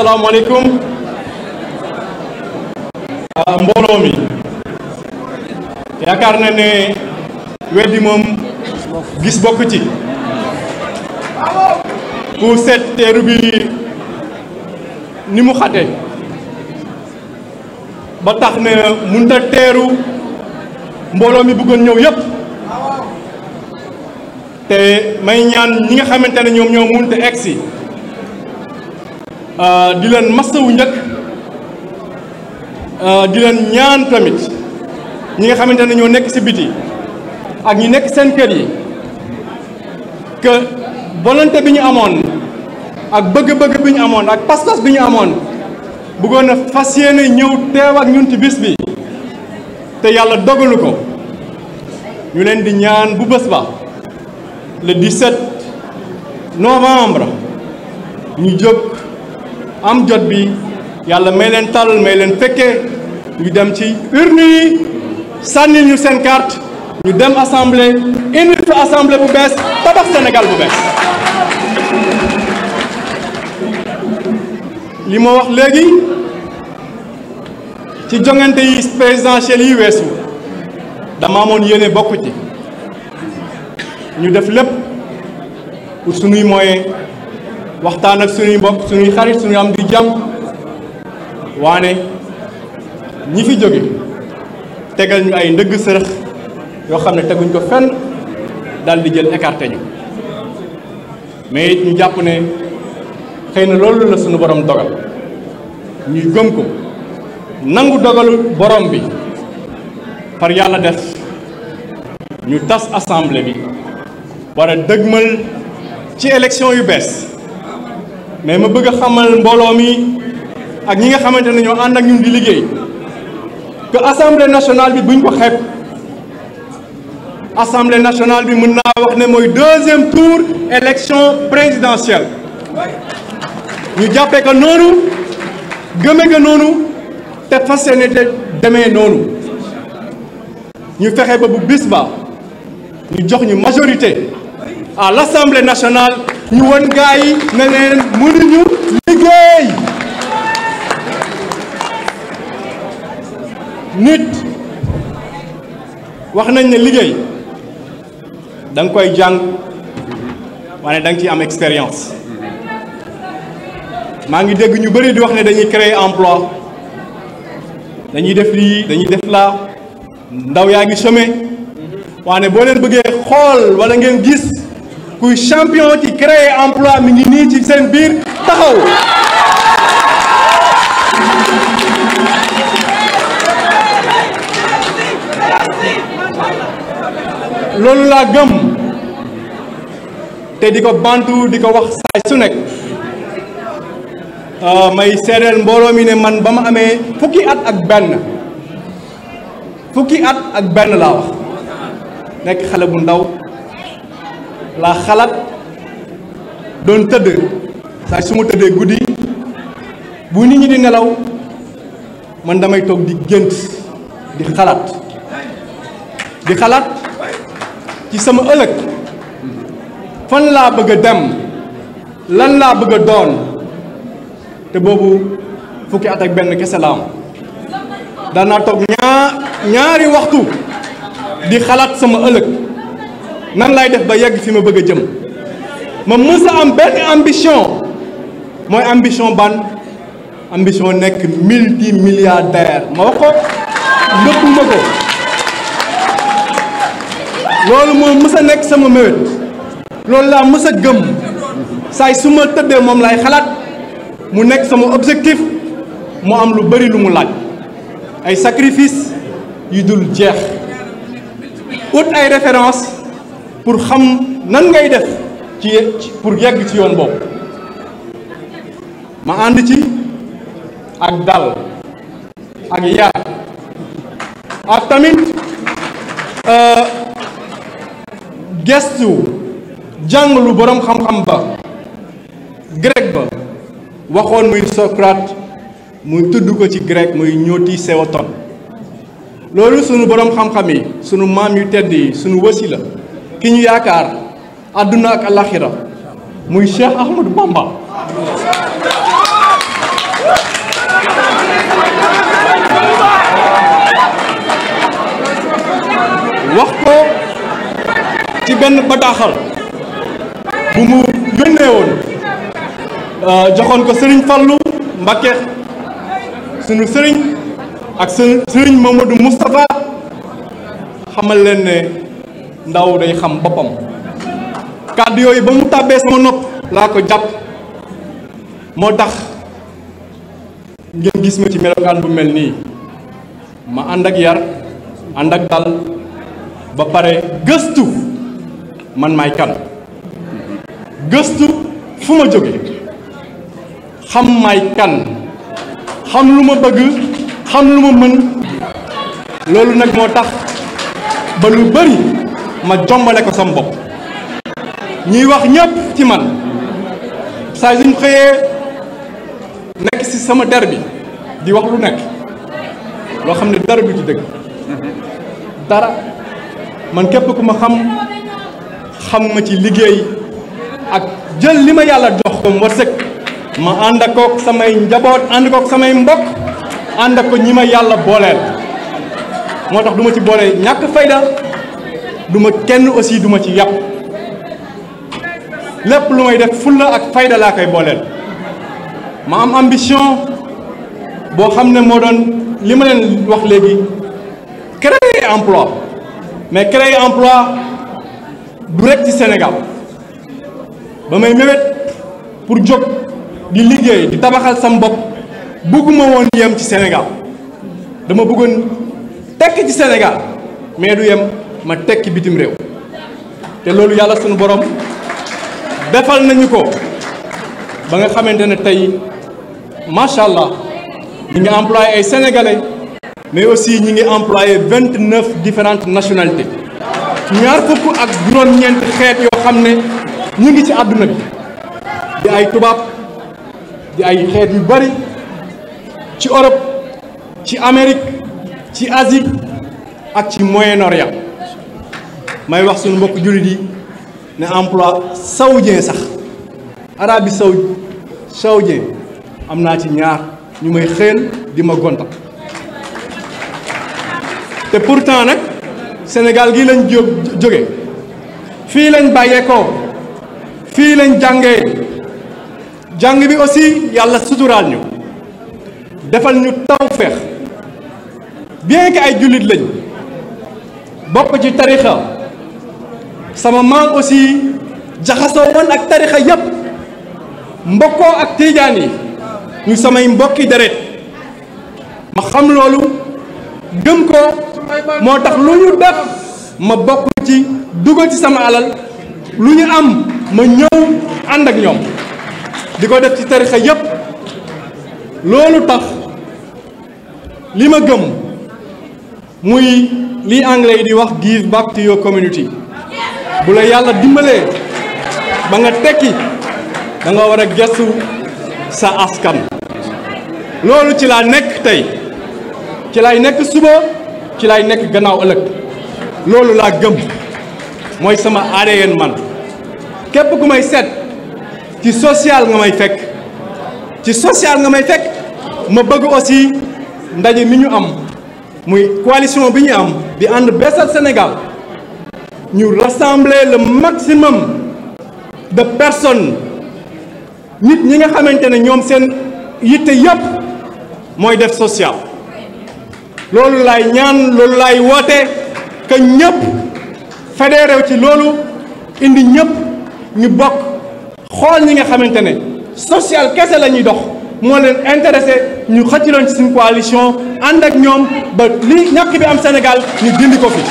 asalaamaaleykum mbooloo mi yaakaar na ne weddi moom gis bokk ci pour seet teeru bi ni mu xate ba tax ne mënut a teeru mbooloo mi bëggoon ñëw yépp te may ñaan ñi nga xamante ne ñoom ñoo mënut a egsi Euh, di leen masawu njëkk euh, di leen ñaan tamit ñi nga xamante ne ñoo nekk ci biti ak ñi nekk seen kër yi kë volonté bi ñu amoon ak bëgg-bëgg bi ñu amoon ak pas-pas bi ñu amoon bëggoon na fas yéene ñëw teew ak ñun ci bis bi te yàlla dogalu ko ñu leen di ñaan bu bés ba le 17 novembre ñu jóg. am jot bi yàlla may leen tal may leen fekkee ñu dem ci urne yi sànnil ñu seen carte ñu dem assemblée indi fi assemblée bu bees tabax Sénégal bu bees li ma wax léegi ci jongante yi présidentielles yi weesu dama amoon yéene bokk ci ñu def lépp pour sunuy moyen waxtaan ak suñuy mbokk suñuy xarit suñu am di jàmm waane ñi fi jóge tegal ñu ay ndëgg sërëx yoo xam ne teguñ ko fenn daal di jël écarté ñu mais it ñu jàpp ne xëy na loolu la suñu borom dogal ñuy gëm ko nangu dogalu borom bi par yàlla def ñu tas assemblée bi war a dëgmal ci élection yu bees mais ma bëgg a xamal mbooloo mi ak ñi nga xamante ne ñoo ànd ak ñun di liggéey que assemblée nationale bi buñ ko xeeb assemblée nationale bi mën naa wax ne mooy deuxième tour élection présidentielle ñu jàppee ko noonu gëmee ko noonu te fas yéene te demee noonu ñu fexe ba bu bis ba ñu jox ñu majorité à l'assemblée nationale ñu won gaa yi ne leen mënuñu liggéey nit wax nañ ne liggéey da koy jàng waane da ci ciy am expérience maa ngi dégg ñu bëri di wax ne dañuy créer emploi dañuy def lii dañuy def laa ndaw yaa ngi chômer waane boo leen bëggee xool wala ngeen gis kuy champion ci créer emploi mi ngi nii ci seen biir taxaw loolu laa gëm te di ko bantu di ko wax saay su nekk ah, may seedeel mbooloo mi ne man ba ma amee fukki at ak benn fukki at ak benn laa wax nekk xale bu ndaw laa xalaat doon tëdd saa su ma tëddee guddi bu nit ñi di nelaw man damay toog di gént di xalaat di xalaat ci sama ëllëg fan laa bëgg a dem lan laa bëgg a doon te boobu fukki at ak benn kese laa am daan naa toog ñaar ñaari waxtu di xalaat sama ëllëg nan laay def ba yegg fi ma bëgg a jëm ma mës a am benn ambition mooy ambition ban ambition nekk multi milliardaire moo wax ko nëbbu ma ko loolu moo mës nekk sama mébét loolu laa mës a saay su ma tëddee moom laay xalaat mu nekk sama objectif mu am lu bari lu mu laaj ay sacrifice yu dul jeex ut ay référence pour xam nan ngay def ci pour yegg ci yoon boobu ma ànd ci ak dàll ak yar ak tamit euh, gestu jàng lu boroom xam-xam ba grec ba waxoon muy Socrate muy tudd ko ci grec muy ñooti Séoton loolu sunu boroom xam-xam yi sunu maam yu tedd yi sunu wasila la ki ñu yaakaar àdduna ak alaxira muy Cheikh Ahmadou Bamba wax ko ci benn bataaxal bu mu yónnee woon euh, joxoon ko sëriñ Fallu Mbakke sunu sëriñ ak sëriñ Mamadou Moustapha xamal leen ne ndaw day xam boppam kàddu yooyu ba mu tàbbee sama nopp laa ko jàpp moo tax ngeen gis ma ci melokaan bu mel nii ma ànd ak yar ànd ak dal ba pare gëstu man maay kan gëstu fu ma jóge xam maay kan xam lu ma bëgg xam lu ma mën loolu nag moo tax ba lu bari ma jombale ko sama bopp ñuy wax ñëpp ci man saa mu xëyee nekk ci sama der bi di wax lu nekk loo xam ne dara du ci dëgg dara man képp ku ma xam xam ma ci liggéey ak jël li ma yàlla jox ko wërsëg ma ànd ak kook samay njaboot ànd kook samay mbokk ànd ko ñi ma yàlla booleel moo tax duma ci boole ñàkk fayda du ma kenn aussi du ma ci yàpp lépp lu may def fulla ak fayda laa koy booleel ma am ambition boo xam ne moo doon li ma leen wax léegi créer emploi mais créer emploi du rek ci Sénégal ba may mébét pour jóg di liggéey di tabaxal sam bopp bëgguma woon yem ci Sénégal dama bëggoon tekk ci Sénégal mais du yem ma tekki bitim réew te loolu yàlla sunu boroom defal nañu ko ba nga xamante ne tey macha allah ñi ngi employé ay sénégalais mais aussi ñi ngi employé vingt neuf différentes nationalités ñaar fukk ak juróom-ñeent xeet yoo xam ne ñu ngi ci àdduna bi di ay tubaab di ay xeet yu bari ci Europe ci Amérique ci Asie ak ci Moyen-Orient may wax suñu mbokk jullit yi ne emploi saoudien sax Arabie Saoudi saoudien am naa ci ñaar ñu may xëyal di ma gontal te pourtant nag Sénégal gii lañ jó jóge fii lañ bàyyeekoo fii lañ jàngee jàng bi aussi yàlla suturaal ñu defal ñu tawféex bien que ay jullit lañ bokk ci tarixa sama maam aussi jaxasoo woon ak tarixa yépp mbokkoo ak tiijaan yi ñu samay mbokki deret ma xam loolu gëm ko moo tax lu ñu def ma bokk ci dugal ci sama alal lu ñu am ma ñëw ànd ak ñoom di ko def ci tarixa yépp loolu tax li ma gëm muy lii anglais yi di wax give back to your community bu la yàlla dimbalee ba nga tekki danga nga war a gëstu sa askan loolu ci laa nekk tey ci lay nekk suba ci lay nekk gannaaw ëllëg loolu laa gëm mooy sama ADN man képp ku may seet ci social nga may fekk ci social nga may fekk ma bëgg aussi ndaje mi ñu am muy coalition bi ñu am di ànd beesal Sénégal ñu rassembler le maximum de personne nit ñi nga xamante ne ñoom seen yitte yépp mooy def social loolu laay ñaan loolu laay woote que ñëpp fédéré ci loolu indi ñëpp ñu bokk xool ñi nga xamante ne social kese lañuy dox moo leen intéressé ñu xëcc leen ci suñu coalition ànd ak ñoom ba li ñàkk bi am Sénégal ñu dindi ko fi.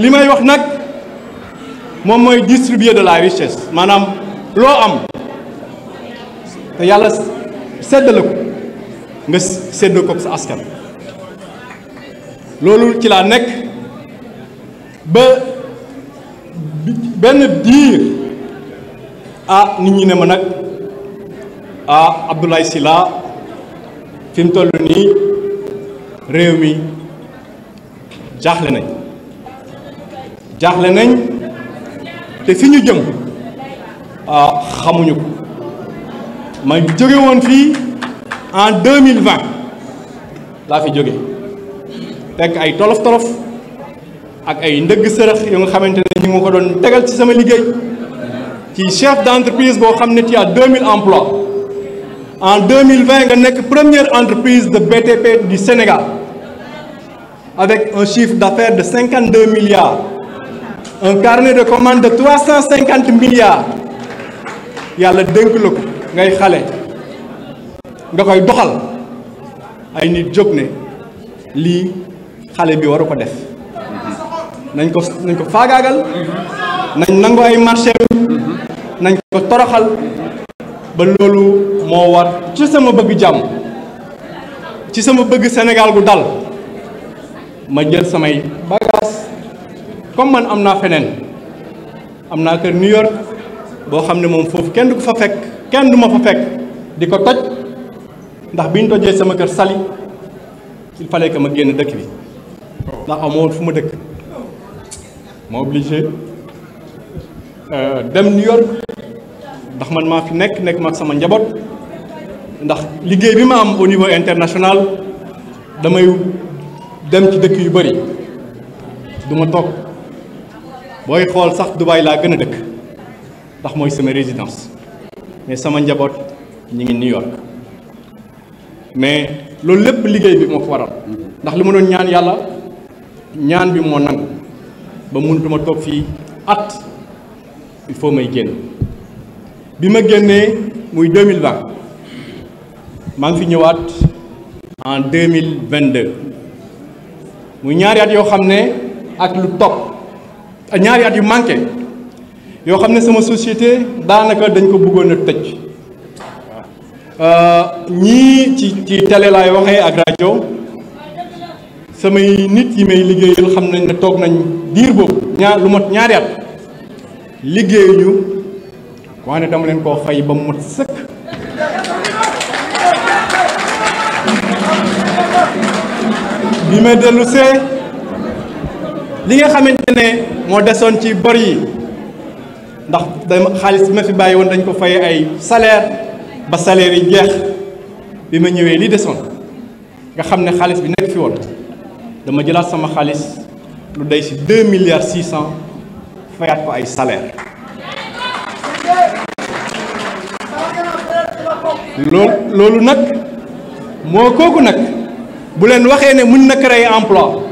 li may wax nag moom mooy distribuer de la richesse maanaam loo am te yàlla seddale ko nga séddoo ko sa askan loolu ci laa nekk ba benn diir ah nit ñi ne ma nag ah Abdoulaye Sylla fi mu toll nii réew mi jaaxle nañ jaaxle nañ te fi ñu jëm ah xamuñu ko ma jóge woon fii en 2020 laa fi jóge tekk ay tolof tolof ak ay ndëgg sërëx yu nga xamante ne ñu ngi ko doon tegal ci sama liggéey ci chef d'entreprise boo xam ne tu as en emplois en 2020 nga nekk première entreprise de BTP du Sénégal avec un chiffre d'affaires de cinquante 52 milliards un carnet de commande de trois cent cinquante milliards yàlla dénk la ko ngay xale nga koy doxal ay nit jóg ne lii xale bi waru ko def nañ ko nañ ko faagaagal nañ nangu ay marché nañ ko toroxal ba loolu moo war ci sama bëgg jàmm ci sama bëgg Sénégal gu dal ma jël samay bagaas comme man am naa feneen am naa kër New York boo xam ne moom foofu kenn du ko fa fekk kenn du ma fa fekk di ko toj ndax bi ñu tojee sama kër sali il fallait que ma génn dëkk bi ndax amoo fu ma dëkk ma euh, dem New ndax man maa fi nekk nekk ma sama njaboot ndax liggéey bi ma am au international damay dem ci dëkk yu bari du ma toog. booy xool sax Dubaay laa gën a dëkk ndax mooy sama résidence mais sama njaboot ñi ngi New York mais loolu lépp liggéey bi moo ko waral ndax li ma doon ñaan yàlla ñaan bi moo nangu ba mënutuma toog fii at il faut may génn bi ma génnee muy 2020 maa ngi fi ñëwaat en 2022 muy ñaari at yoo xam ne ak lu topp ñaari at yu manqué yoo xam ne sama societé daanaka dañ ko buggoon a tëj euh, ñii ci ci télé laay waxee ak rajo samay nit yi may liggéeyal xam nañ ne toog nañ diir boobu ñaar lu mot ñaari at liggéeyuñu waaye dama leen koo fay ba mu mot sëkk bi ma dellu li nga xamante ne moo desoon ci bor yi ndax dama xaalis bi ma fi bàyyi woon dañ ko fay ay salaire ba salaire yi jeex bi ma ñëwee lii desoon nga xam ne xaalis bi nekk fi woon dama jëlaat sama xaalis lu day si deux milliards six cent fayaat ko ay salaire loolu loolu nag moo kooku nag bu leen waxee ne mën na créer emploi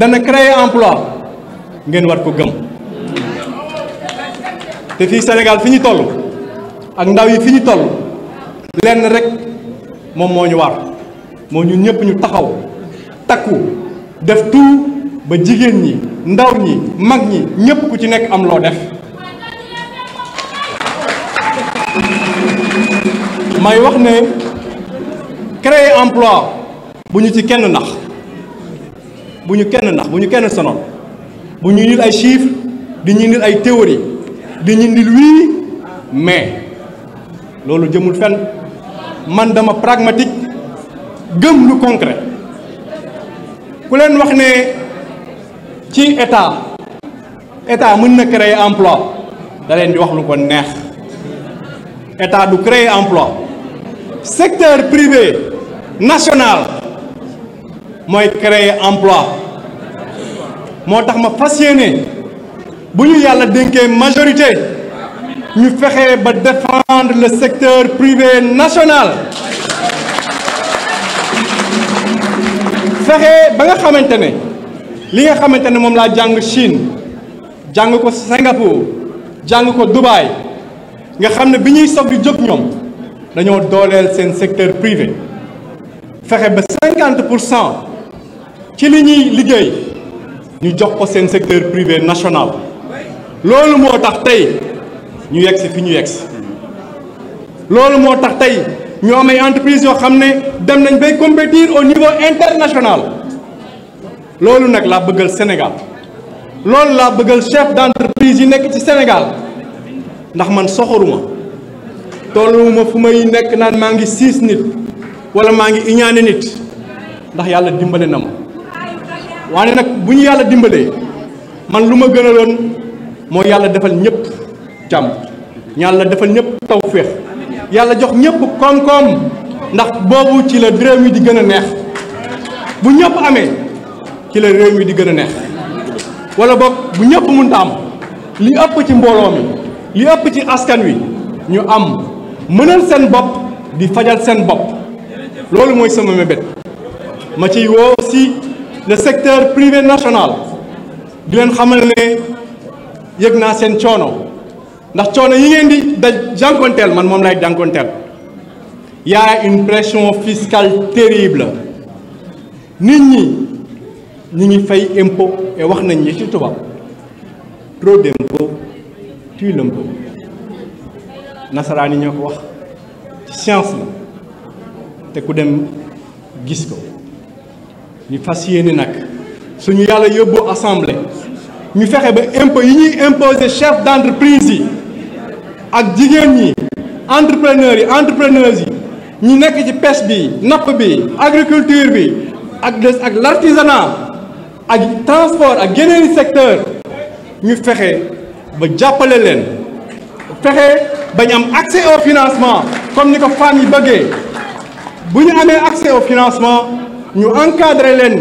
dana créer emploi ngeen war ko gëm te fii senegal fi ñu toll ak ndaw yi fi ñu toll lenn rek moom moo ñu war moo ñun ñëpp ñu taxaw takku def tout ba jigéen ñi ndaw ñi mag ñi ñëpp ku ci nekk am loo def may wax ne créer emploi bu ñu ci kenn ndax bu ñu kenn ndax bu ñu kenn sonal bu ñu indil ay chiffres di ñu indil ay théories di ñu indil wii mais loolu jëmul fenn man dama pragmatique gëm lu concret ku leen wax ne ci état état mën na créer emploi da leen di wax lu ko neex état du créer emploi secteur privé national mooy créer emploi moo tax ma fas yéene bu ñu yàlla dénkee majorité ñu fexe ba défendre le secteur privé national fexe ba nga xamante ne li nga xamante ne moom laa jàng Chine jàng ko Singapour jàng ko Dubaï nga xam ne bi ñuy soog jóg ñoom dañoo dooleel seen secteur privé fexe ba cinquante pour cent ci li ñuy liggéey ñu jox ko seen secteur privé national loolu moo tax tey ñu si fi ñu yegsi loolu moo tax tey ñu am ay entreprise yoo xam ne dem nañ bay compétir au niveau international loolu nag laa bëggal Sénégal loolu laa bëggal chef d'entreprise yi nekk ci Sénégal ndax man soxoruma tolluwuma fu may nekk naan maa ngi siis nit wala maa ngi iñaane nit ndax yàlla dimbale na ma waane nag bu ñu yàlla dimbalee man lu ma gënaloon moo yàlla defal ñëpp jàmm yàlla defal ñëpp tawféex yàlla jox ñëpp koom-koom ndax boobu ci la réew mi di gën a neex bu ñëpp amee ci la réew mi di gën a neex wala boog bu ñëpp mënta am li ëpp ci mbooloo mi li ëpp ci askan wi ñu am mënal seen bopp di fajal seen bopp loolu mooy sama mébét ma ciy woo le secteur privé national di leen xamal ne yëg naa seen coono ndax coono yi ngeen di daj jànkonteel man moom lay jànkonteel y a une pression fiscale terrible nit ñi ñi ngi fay impo et wax nañ ñi ci tubaab trop d'impôt tue l'impôt nasaraan yi ñoo ko wax ci science la te ku dem gis ko ñu fas yéene nag suñu yàlla yóbbu assemblée ñu fexe ba impôt yi ñuy imposer chef d'entreprise yi ak jigéen ñi entrepreneur yi entrepreneurs yi ñu nekk ci pes bi napp bi agriculture bi ak des ak l'artisanat ak transport ak yeneen secteur ñu fexe ba jàppale leen fexe ba ñu am accès au financement comme ni ko femmes yi bëggee bu ñu amee accès au financement ñu encadrer leen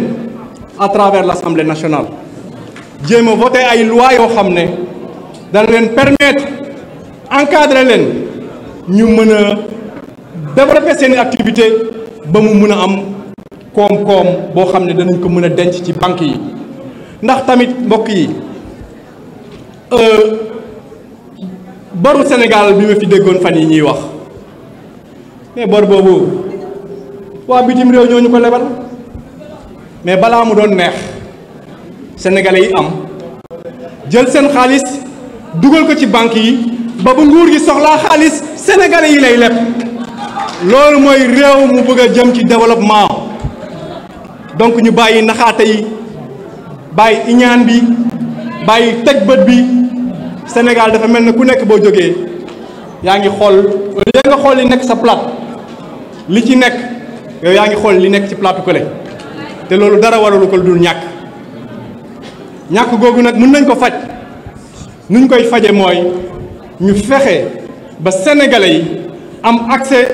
à travers l' assemblée nationale jéem a voté ay loi yoo xam ne dana leen permettre encadrer leen ñu mën a développer seen activité ba mu mën a am koom-koom boo xam ne danañ ko mën a denc ci banque yi ndax tamit mbokk yi euh, baru Sénégal bi ma fi déggoon fan yi ñuy wax mais bor boobu waa bitim réew ñoo ñu ko lebal mais balaa mu doon neex sénégalais yi am jël seen xaalis dugal ko ci banque yi ba bu nguur gi soxlaa xaalis sénégalais yi lay leb loolu mooy réew mu bëgg a jëm ci développement donc ñu bàyyi naxaate yi bàyyi iñaan bi bàyyi teg bët bi Sénégal dafa mel ne ku nekk boo jógee yaa ngi xool yaa nga xool yi nekk sa plat li ci nekk yow yaa ngi xool li nekk ci plateau kële te loolu dara waralu ko dul ñàkk ñàkk googu nag mun nañ ko faj nuñ koy faje mooy ñu fexe ba sénégalais yi am accès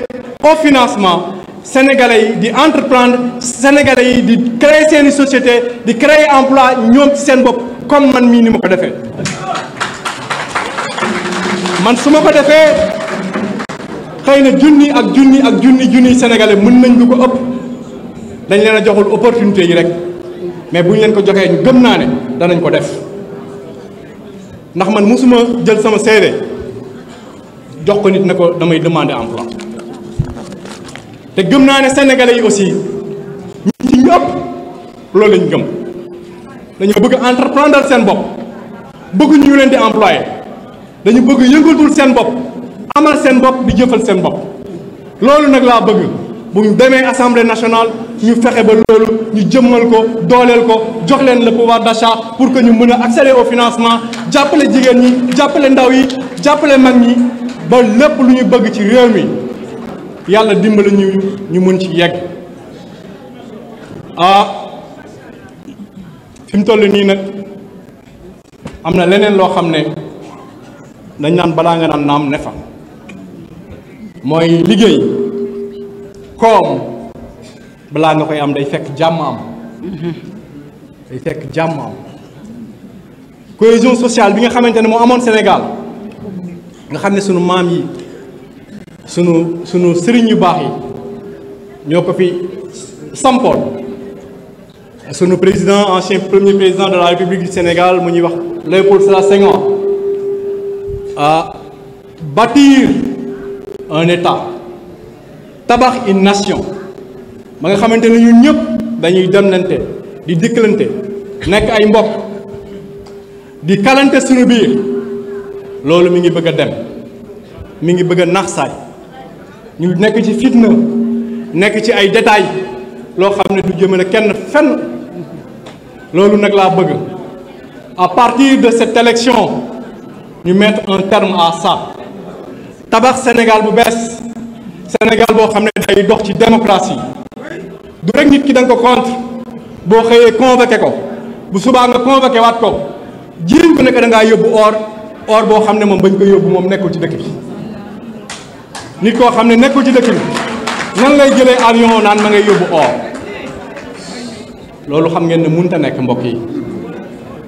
au financement sénégalais yi di entreprendre sénégalais yi di créer seeni société di créer emploi ñoom ci seen bopp comme man mii ni ma ko defee man su ma ko defee xëy na junni ak junni ak junni junni sénégalais mën nañ lu ko ëpp dañ leen a joxul opportunité yi rek mais bu ñu leen ko joxee ñu gëm naa ne danañ ko def ndax man mosuma jël sama CV jox ko nit ne ko damay demander emploi te gëm naa ne sénégalais yi aussi ñi ëpp loolu lañ gëm dañoo bëgg entreprendre seen bopp bëgg leen di employé dañu bëgg yëngatul seen bopp amal seen bopp bi jëfal seen bopp loolu nag laa bëgg bu ñu demee assemblée nationale ñu fexe ba loolu ñu jëmmal ko dooleel ko jox leen le pouvoir d'achat pour que ñu mën a accéder au financement jàppale jigéen ñi jàppale ndaw yi jàppale mag ñi ba lépp lu ñu bëgg ci réew mi yàlla dimbali ñu ñu mën ci yegg ah fi mu toll nii nag am na leneen loo xam ne dañ naan balaa nga naan naam ne fa. mooy liggéey koom balaa nga koy am day fekk jàmm am day fekk jàmm am cohésion sociale bi nga xamante ne moo amoon Sénégal nga xam ne sunu maam yi sunu sunu sëriñ yu baax yi ñoo ko fi sampoon sunu président ancien premier président de la République du Sénégal mu ñuy wax Léopold Sédar Senghor ah bâtir un état tabax une nation ba nga xamante ne ñun ñëpp dañuy demlante di dikkalante nekk ay mbopp di kalante suñu biir loolu mi ngi bëgg a dem mi ngi bëgg a naxsaay ñu nekk ci fitna nekk ci ay détails loo xam ne du jëmale kenn fenn loolu nag laa bëgg à partir de cette élection ñu mettre un terme à ça tabax Sénégal bu bees Sénégal boo xam ne day dox ci démocratie du rek nit ki da nga ko contre boo xëyee convoqué ko bu subaa nga convoqué waat ko jiiñ ko nekk da ngaa yóbbu or boo xam ne moom bañ ko yóbbu moom nekkul ci dëkk bi nit koo xam ne nekkul ci dëkk bi nan lay jëlee avion naan ma ngay yóbbu or loolu xam ngeen ne munta nekk mbokk yi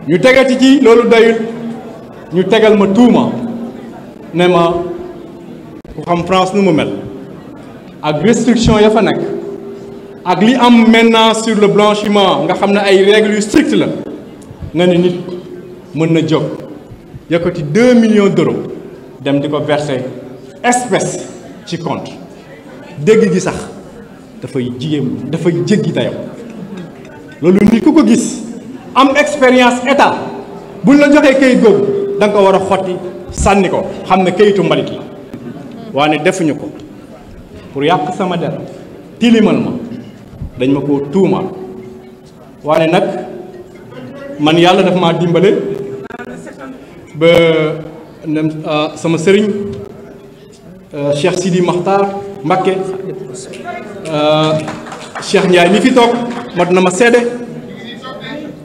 ñu tegal ci loolu dayul ñu tegal ma tuuma ne ma ku xam France nu mu mel ak restriction ya fa nekk ak li am maintenant sur le blanchiment nga xam ne ay règles yu strict la nga ne nit mën na jóg yëkkati deux millions d'euros dem di ko verser espèce ci compte dégg gi sax dafay jigéen dafay jéggi dayam loolu nit ku ko gis am expérience état buñ la joxee kayit googu da ko war a xotti sànni ko xam ne kayitu mbalit la waane defuñu ko pour yàq sama der tilimal ma dañ ma koo tuumaal waane nag man yàlla daf ma dimbale ba ah, sama sëriñ ah, Cheikh Sidi Makhtar Mbacké ah, Cheikh Ndiaye mi fi toog mat na ma seede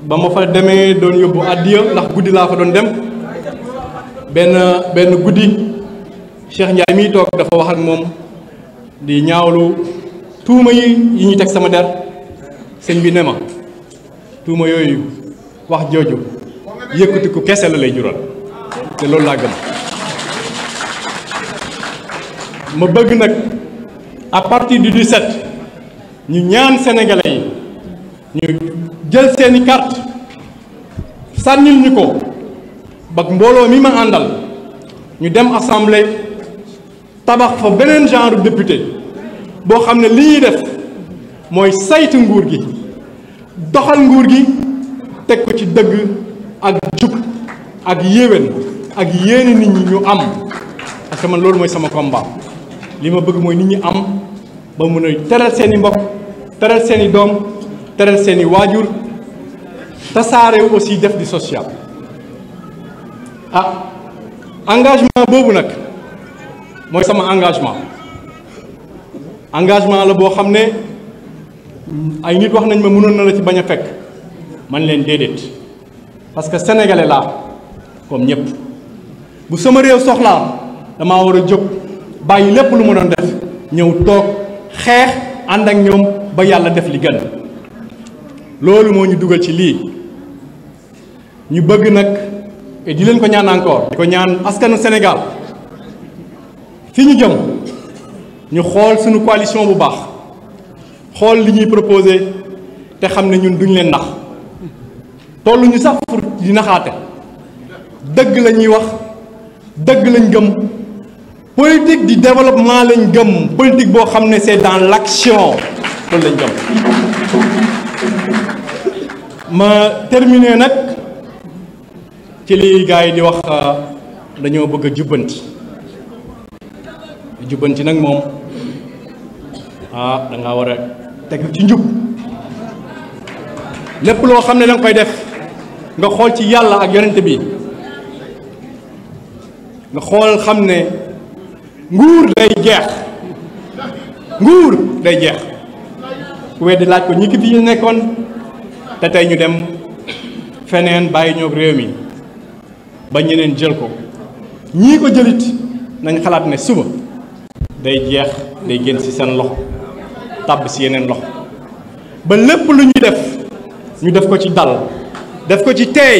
ba ma fa demee doon yóbbu àddiya ndax guddi laa fa doon dem benn benn guddi Cheikh Ndiaye miy toog dafa wax ak moom di ñaawlu tuuma yi yi ñu teg sama der sëñ bi ne ma tuuma yooyu wax jooju yëkkati ko kese la lay jural te loolu laa gëm ma bëgg nag à partir du set ñu ñaan sénégalais yi ñu jël seeni carte sànnil ñu ko ba mbooloo mi ma àndal ñu dem assemblée tabax fa beneen genre député boo xam ne li ñuy def mooy saytu nguur gi doxal nguur gi teg ko ci dëgg ak jub ak yéwén ak yéene nit ñi ñu am parce loolu mooy sama combat li ma bëgg mooy nit ñi am ba mun a teral seeni i mbokk teral seen doom teral seeni i waajur tasaarew aussi def di social ah engagement boobu nag mooy sama engagement engagement la boo xam ne ay nit wax nañ ma mënoon na la ci bañ a fekk man leen déedéet parce que sénégalais laa comme ñëpp bu sama réew soxlaa dama war a jóg bàyyi lépp lu ma doon def ñëw toog xeex ànd ak ñoom ba yàlla def li gën loolu moo ñu dugal ci lii ñu bëgg nag et di leen ko ñaan encore di ko ñaan askanu Sénégal fi ñu jëm ñu xool suñu coalition bu baax xool li ñuy proposé te xam ne ñun duñ leen nax tollu ñu sax pour di naxaate dëgg lañuy wax dëgg lañ gëm politique di développement lañ gëm politique boo xam ne c'est dans l'action loolu lañ gëm ma terminer nag ci li gars yi di wax euh, dañoo bëgg a jubbanti jubbanti nag moom ah danga war a teg ci njub lépp loo xam ne da koy def nga xool ci yàlla ak yonent bi nga xool xam ne nguur day jeex nguur day jeex ku weddi laaj ko ñi ki fi ñu nekkoon te tey ñu dem feneen bàyyi ñoog réew mi ba ñeneen jël ko ñii ko jëlit nañ xalaat ne suba day jeex day génn ci seen loxo tàbb ci yeneen loxo ba lépp lu ñuy def ñu def ko ci dal def ko ci teey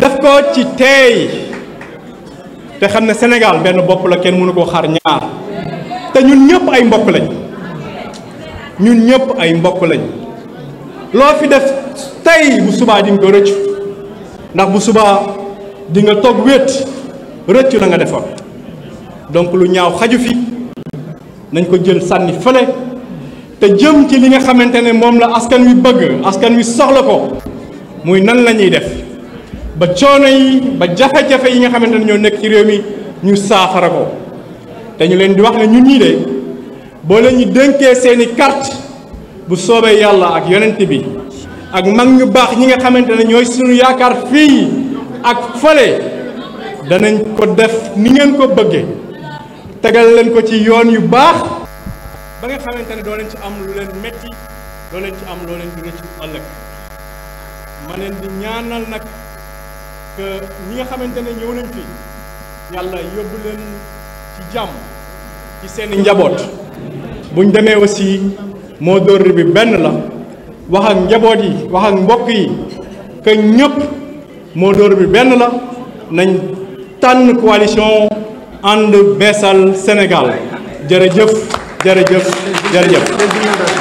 def ko ci teey te xam ne senegal benn bopp la kenn mënu koo xaar ñaar te ñun ñëpp ay mbokk lañ ñun ñëpp ay mbokk lañ loo fi def tey bu subaa di nga ko rëccu ndax bu subaa di nga toog wéet rëccu la nga defoon donc lu ñaaw xaju fi nañ ko jël sànni fële te jëm ci li nga xamante ne moom la askan wi bëgg askan wi soxla ko muy nan la ñuy def ba coono yi ba jafe-jafe yi nga xamante ne ñoo nekk ci réew mi ñu saafara ko dañu leen di wax ne ñu ñii de boo leen ñu dënkee seeni carte bu soobee yàlla ak yonent bi ak mag ñu baax ñi nga xamante ne ñooy suñu yaakaar fii ak fële danañ ko def ni ngeen ko bëggee tegal leen ko ci yoon yu baax ba nga xamante ne doo leen ci am lu leen metti doo leen ci am loo leen di rëccu ëllëg ma ñaanal nag que ñi nga xamante ne ñëw nañ fi yàlla yóbbu leen ci jàmm ci seeni njaboot buñ demee aussi moo dóor bi benn la wax ak njaboot yi wax ak mbokk yi que ñëpp moo dóor bi benn la nañ tànn coalition ànd besal Sénégal jërëjëf jërëjëf jërëjëf